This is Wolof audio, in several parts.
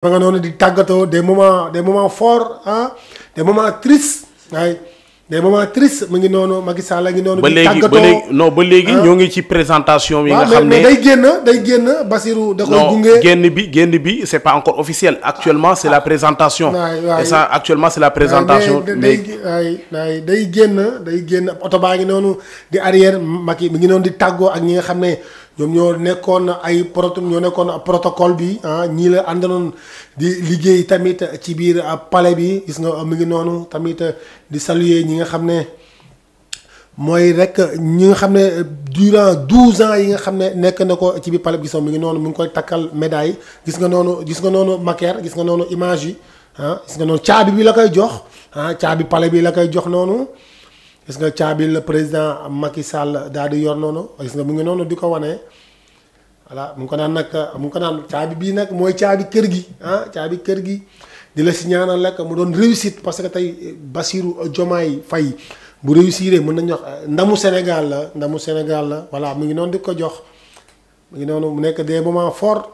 ma nga noonu di tàggatoo des moment des moments forts ah des moments tristes waaye des moments tristes mu ngi noonu Macky Sall a ngi noonu. di tàggatoo ba léegi non ba léegi ñoo ngi ci présentation. yi nga xam ne day génn day génn Basirou. da koy gunge génn bi génn bi c' est pas encore officiel actuellement c' la ah, présentation. waay ça actuellement c' la présentation. mais day day génn day génn oto baa ngi noonu di arrière Macky mi ngi noonu di tàggoo ak ñi nga xam ne. ñoom ñoo nekkoon ay proto ñoo nekkoon protocole bi ah ñii la àndanoon di liggéey tamit ci biir pale bi gis nga mu ngi noonu tamit di saluer ñi nga xam ne mooy rek ñi nga xam ne durant douze ans yi nga xam ne nekk na ko ci biir pale bi gis nga mi ngi noonu mu ngi koy takkal médaille gis nga noonu gis nga noonu maquère gis nga noonu image yi ah gis nga noonu caabi bi la koy jox ah caabi pale bi la koy jox noonu. gis nga caabi la président Macky Sall daal di yor noonu gis nga mu ngi noonu di ko wane voilà mu ngi ko naan nag mu ngi ko naan caabi bii nag mooy caabi kër gi ah caabi kër gi di la si ñaanal lekk mu doon réussite parce que tey Bassirou Diomaye fay bu réussir mën nañu wax eh, ndamu Sénégal la ndamu Sénégal la voilà mu ngi noonu di ko jox mu ngi noonu mu nekk des moments forts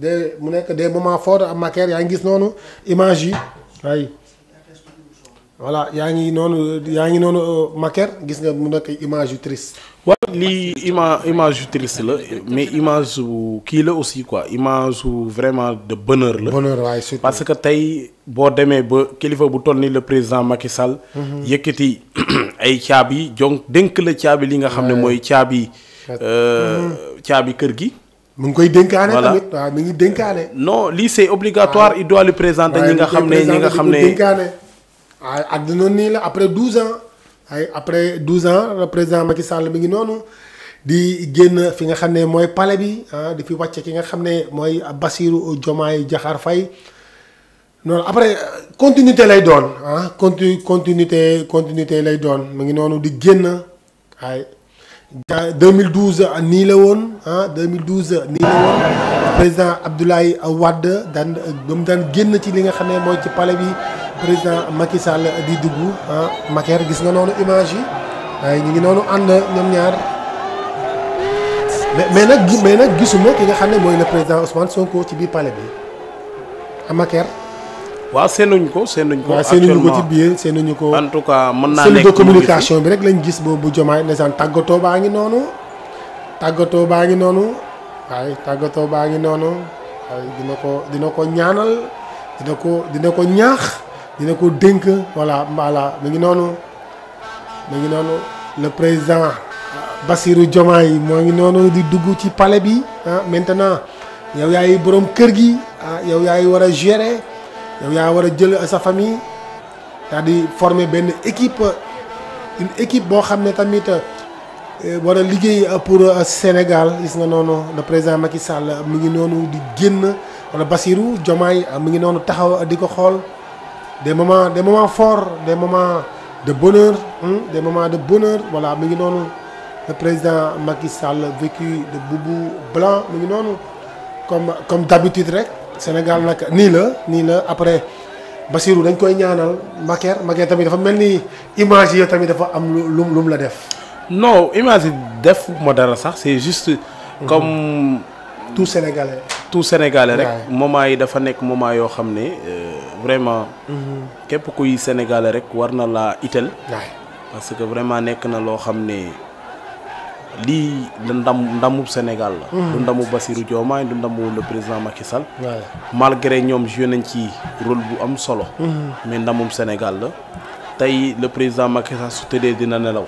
des mu nekk des moments forts am Macky yaa ngi gis noonu image yi voilà yaa ngi noonu yaa ngi noonu euh, Maker gis nga mu nekk image yu triste. lii ima image yu la mais image yu kii la aussi quoi image yu vraiment de bonheur la. bonheur waaye surtout parce que tey boo demee ba kilifa bu toll nii le président Macky Sall. Mhm. yëkkati ay caabi donc dénk la caabi li nga xam ne mooy caabi. Euh, mhm. caabi kër gi. mu ngi koy dénkaane tamit waaw mi ngi dénkaane. non lii c'est obligatoire il doit le présenter ñi nga xam ne ñi nga xam ne. ah àdduna nii la après 12 ans ay après 12 ans président Macky Sall mi ngi noonu di génn fi nga xam ne mooy pale bi ah di fi wàcce ki nga xam ne mooy Bassirou Diomaye Diakhar fay noonu après continuité lay doon ah continu continuité continuité lay doon mu ngi noonu di génn ay 2012 nii la woon ah 2012 nii la woon président Abdoulaye Wade daan ba mu daan génn ci li nga xam ne mooy ci pale bi. président Macky Sall di dugg ah Macaire gis nga noonu image yi waaye ñu ngi noonu ànd ñoom ñaar mais mais nag mais nag gisuma ki nga xam ne mooy le président Ousmane Sonko ci biir pale bi ah Macaire. waaw seenuñu ko seenuñu ko. actuellement waaw seenuñu ko ci biir seenuñu ko. en tout cas mën naa nekk de communication bi rek lañ gis boobu bu jomaay ndeysaan tàggatoo baa ngi noonu tàggatoo baa ngi noonu waaye tàggatoo baa ngi noonu waaye dina ko dina ko ñaanal dina ko dina ko ñaax. dina ko dénk voilà voilà mi ngi noonu mu ngi noonu le président Bassirou yi moo ngi noonu di dugg ci pale bi ah, maintenant yow yaay boroom kër gi ah yow yaay war a gérer yow yaa war a jël sa famille daal di former benn équipe une équipe boo xam ne tamit eh, war a liggéey pour euh, Sénégal gis nga noonu le président Macky Sall mi ngi noonu di génn wala Bassirou Diomaye mi ngi noonu taxaw di ko xool. des moments des moments forts des moment de bonheur hein, des moments de bonheur voilà mi ngi noonu le président Macky Sall vécu de boubou blanc mi ngi noonu comme comme d'habitude rek Sénégal nag nii la nii la après Bassirou dañ koy ñaanal Makeer Makeer tamit dafa mel ni image yi tamit dafa am lu lu mu la def. non image yi def ma dara sax c'est juste. comme tout Sénégalais. tout sénégalais rek moment yi dafa nekk moment yoo xam ne euh, vraiment mhm. képp kuy sénégalais rek war na laa itel parce que vraiment nekk na loo xam ne lii la ndam ndamu Sénégal la mhm. du ndamu Bassirou Diomaye du ndamu le président Macky Sall malgré ñoom joué nañ ci rôle bu am solo mhm. mais ndamum Sénégal la tey le président Macky su tëddee dina nelaw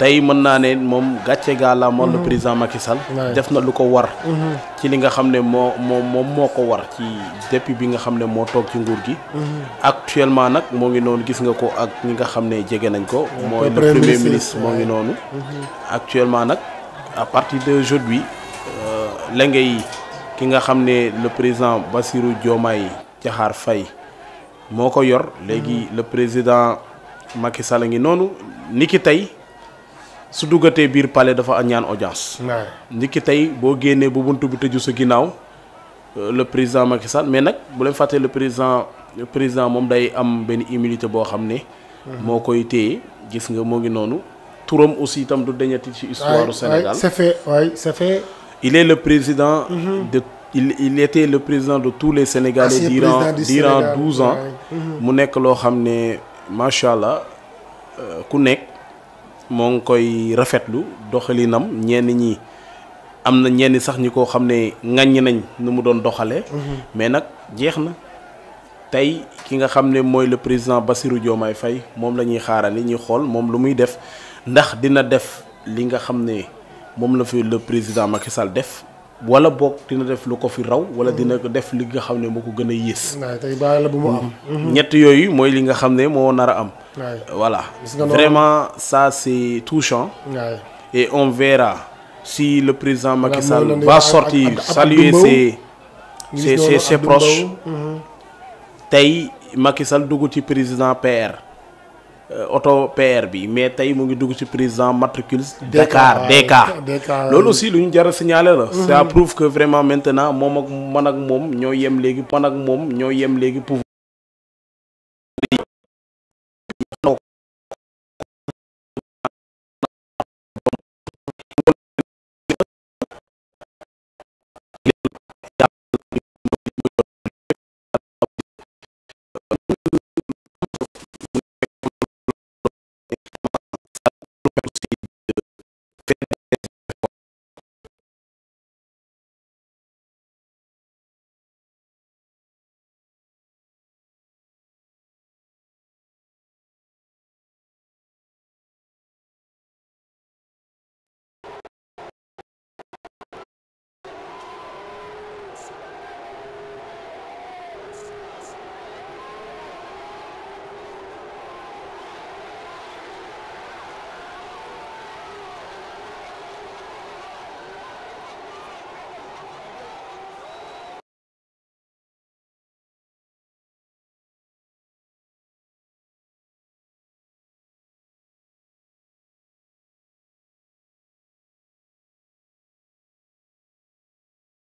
tey mën naa ne moom gàcce gaa la moom le mhm. président Macky Sall def na lu ko war mhm. ci li nga xam ne moo moo moom moo ko war ci depuis bi nga xam ne moo toog ci nguur gi mhm. actuellement nag moo ngi noonu gis nga ko ak ñi nga xam ne jege nañ ko mooy le premier ministre noonu actuellement nag à partir d'aujourd'hui euh, la ngay ki nga xam ne le président basiru Bassirou Diomaye Diakhar fay moo ko yor léegi le président Macky Sall ngi noonu niki tey su duggatee biir palais dafa ñaan audience. ndikki tey boo génnee bu buntu bi tëju sa ginnaaw euh, le président Macky Sall mais nag bu leen fàttee le président président moom day am benn immunité boo xam ne. Mhm. moo koy téye gis nga moo ngi noonu. turam aussi itam du dañati ci histoire du Sénégal c'est fait waay c'est fait. il est le président. Mhm. de il il était le président de tous les Sénégalais. durant durant douze ans. Mhm. mu nekk loo xam ne macha allah euh, ku nekk. moo ngi koy rafetlu doxalinam ñenn ñi am na ñenn sax ñi koo xam ne ŋàññi nañ nu mu doon doxalee. Mhm. mais nag jeex na tey ki nga xam ne mooy le président Bassirou Diomaye fay moom la ñuy xaarani ñuy xool moom lu muy def ndax dina def li nga xam ne moom la fi le président Macky Sall def. wala boog dina def lu ko fi raw wala dina def li nga xam ne moo ko gën a yées. tey bu mu am. Mhm. ñett yooyu mooy li nga xam ne moo nar a am. voilà vraiment ça c'est touchant. et on verra si le président Macky Sall va sortir saluer ses ses ses proches. Mhm. tey Macky Sall dugg ci président PR. Euh, auto PR bi mais tey mu ngi dugg ci président matricule Dakar DK loolu aussi lu ñu jar a signaler la mhm. ça prouve que vraiment maintenant moom ak man ak moom ñoo yem léegi man ak moom ñoo yem léegi pouvoir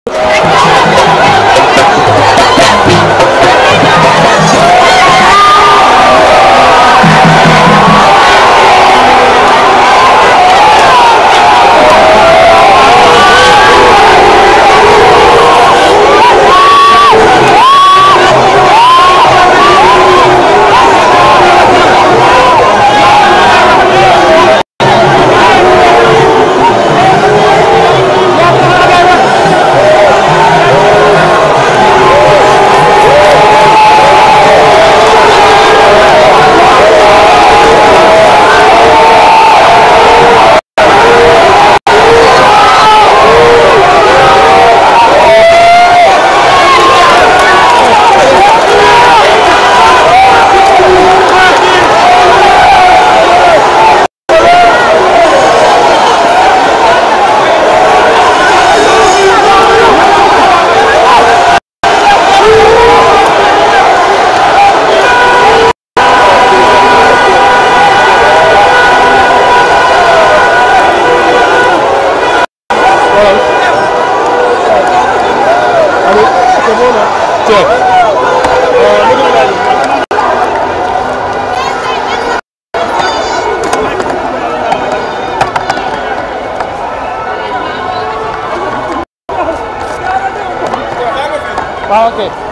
you ok.